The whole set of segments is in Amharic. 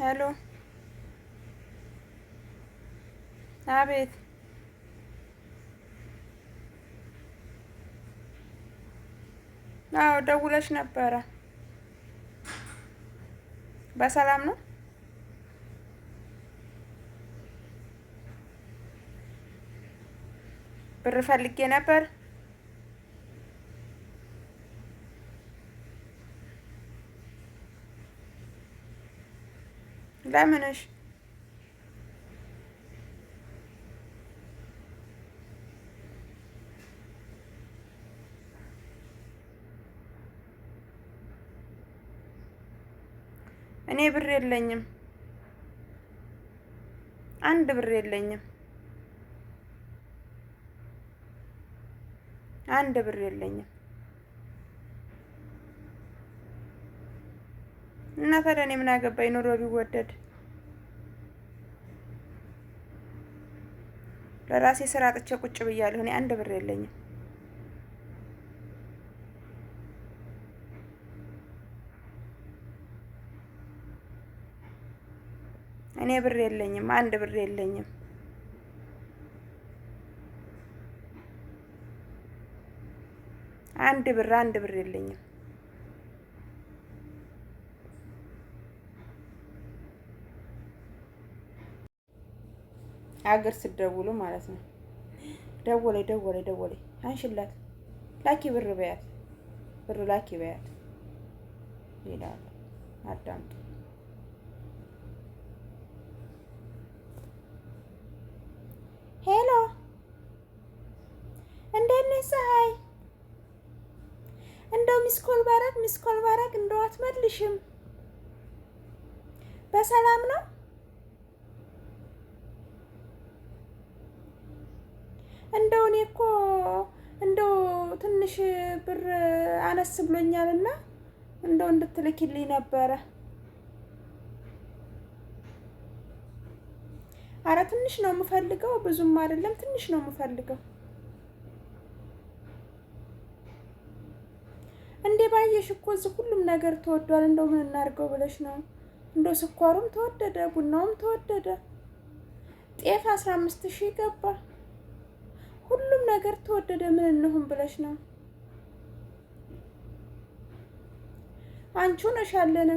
ሄሎ፣ አቤት። አዎ ደውለሽ ነበረ። በሰላም ነው? ብር ፈልጌ ነበር። ለምንሽ እኔ ብር የለኝም፣ አንድ ብር የለኝም፣ አንድ ብር የለኝም። እና ታዲያ እኔ ምን አገባኝ ኑሮ ቢወደድ ለራሴ ስራ አጥቼ ቁጭ ብያለሁ። እኔ አንድ ብር የለኝም። እኔ ብር የለኝም፣ አንድ ብር የለኝም። አንድ ብር አንድ ብር የለኝም። አገር ስደውሉ ማለት ነው። ደወለ ደወለ ደወለ አንሽላት ላኪ ብር በያት ብር ላኪ በያት ይላል። አዳምጡ። ሄሎ እንዴት ነሽ ፀሐይ? እንደው ሚስኮል ባረግ ሚስኮል ባረግ እንደው አትመልሽም። በሰላም ነው እንደው እኔ እኮ እንደው ትንሽ ብር አነስ ብሎኛልና እንደው እንድትልኪልኝ ነበረ። አረ ትንሽ ነው የምፈልገው፣ ብዙም አይደለም፣ ትንሽ ነው የምፈልገው። እንዴ ባየሽ እኮ እዚህ ሁሉም ነገር ተወዷል። እንደው ምን እናድርገው ብለሽ ነው። እንደው ስኳሩም ተወደደ፣ ቡናውም ተወደደ። ጤፍ አስራ አምስት ሺህ ገባ። ሁሉም ነገር ተወደደ። ምን እንሁን ብለሽ ነው አንቺ ነሽ ያለን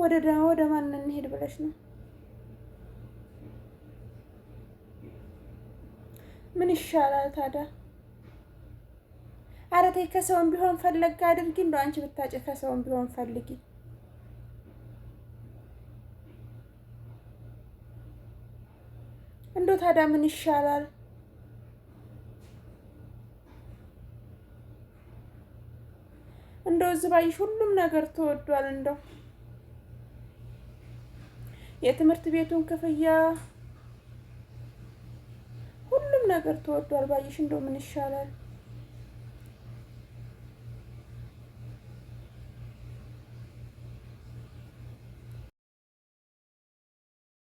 ወደ ወደ ማን እንሄድ ብለሽ ነው? ምን ይሻላል ታዲያ? ኧረ ተይ ከሰውም ቢሆን ፈለግ አድርጊ። እንደው አንቺ ብታጭ ከሰውም ቢሆን ፈልጊ። እንዶ ታዲያ ምን ይሻላል? እንደው እዚህ ባይሽ ሁሉም ነገር ተወዷል። እንደው የትምህርት ቤቱን ክፍያ ሁሉም ነገር ተወዷል ባይሽ እንደው ምን ይሻላል?